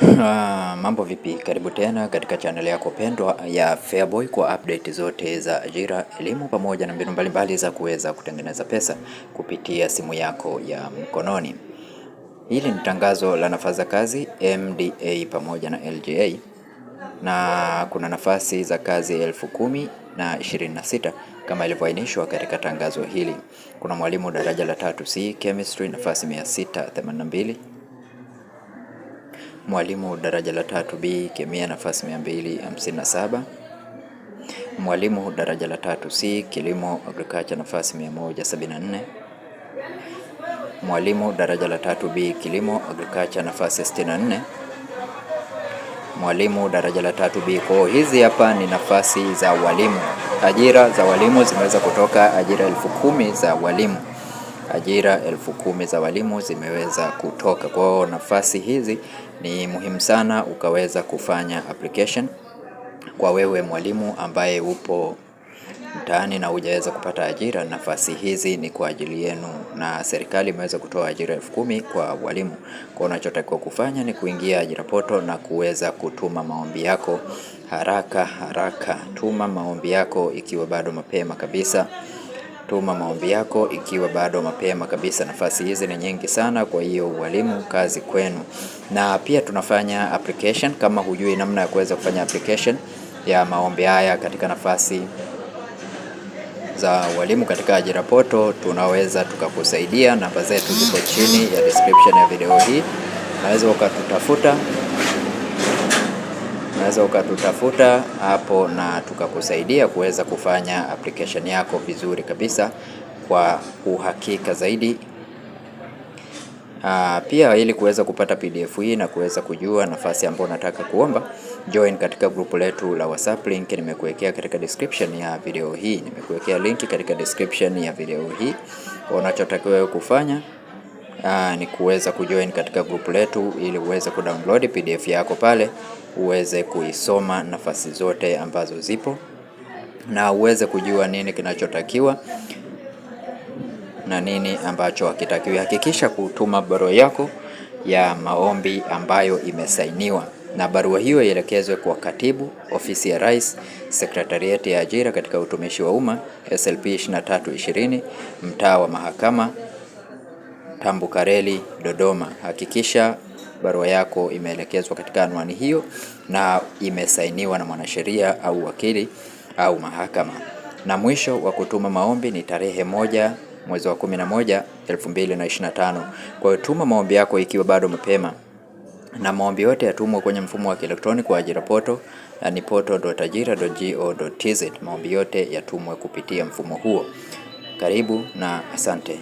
Uh, mambo vipi? Karibu tena katika channel yako pendwa ya Feaboy kwa update zote za ajira, elimu pamoja na mbinu mbalimbali za kuweza kutengeneza pesa kupitia simu yako ya mkononi. Hili ni tangazo la nafasi za kazi MDA pamoja na LGA na kuna nafasi za kazi elfu kumi na ishirini na sita kama ilivyoainishwa katika tangazo hili. Kuna mwalimu daraja la tatu C chemistry, nafasi 682 mwalimu daraja la tatu B kemia nafasi 257, mwalimu daraja la tatu C kilimo agriculture nafasi 174, mwalimu daraja la tatu B kilimo agriculture nafasi 64, mwalimu daraja la tatu B. Kwa hiyo hizi hapa ni nafasi za walimu, ajira za walimu zimeweza kutoka ajira elfu kumi za walimu ajira elfu kumi za walimu zimeweza kutoka. Kwa hiyo nafasi hizi ni muhimu sana ukaweza kufanya application kwa wewe mwalimu ambaye upo mtaani na hujaweza kupata ajira. Nafasi hizi ni kwa ajili yenu, na serikali imeweza kutoa ajira elfu kumi kwa walimu. Kwa unachotakiwa kufanya ni kuingia ajira poto na kuweza kutuma maombi yako haraka haraka. Tuma maombi yako ikiwa bado mapema kabisa tuma maombi yako ikiwa bado mapema kabisa. Nafasi hizi ni nyingi sana, kwa hiyo walimu, kazi kwenu. Na pia tunafanya application. Kama hujui namna ya kuweza kufanya application ya maombi haya katika nafasi za walimu katika ajira poto, tunaweza tukakusaidia. Namba zetu ziko chini ya description ya video hii, unaweza ukatutafuta unaweza ukatutafuta hapo na tukakusaidia kuweza kufanya application yako vizuri kabisa kwa uhakika zaidi. Aa, ah, pia ili kuweza kupata PDF hii na kuweza kujua nafasi ambayo unataka kuomba, join katika grupu letu la WhatsApp. Link nimekuwekea katika description ya video hii, nimekuwekea link katika description ya video hii. Unachotakiwa kufanya aa, ah, ni kuweza kujoin katika grupu letu ili uweze kudownload PDF yako pale uweze kuisoma nafasi zote ambazo zipo na uweze kujua nini kinachotakiwa na nini ambacho hakitakiwi. Hakikisha kutuma barua yako ya maombi ambayo imesainiwa na barua hiyo ielekezwe kwa Katibu, Ofisi ya Rais, Sekretarieti ya Ajira katika Utumishi wa Umma, SLP 2320, Mtaa wa Mahakama, Tambukareli, Dodoma. Hakikisha barua yako imeelekezwa katika anwani hiyo na imesainiwa na mwanasheria au wakili au mahakama. Na mwisho wa kutuma maombi ni tarehe moja mwezi wa 11 2025. Kwa hiyo tuma maombi yako ikiwa bado mapema, na maombi yote yatumwe kwenye mfumo wa kielektroniki wa ajira poto, ni poto.ajira.go.tz. Maombi yote yatumwe kupitia mfumo huo. Karibu na asante.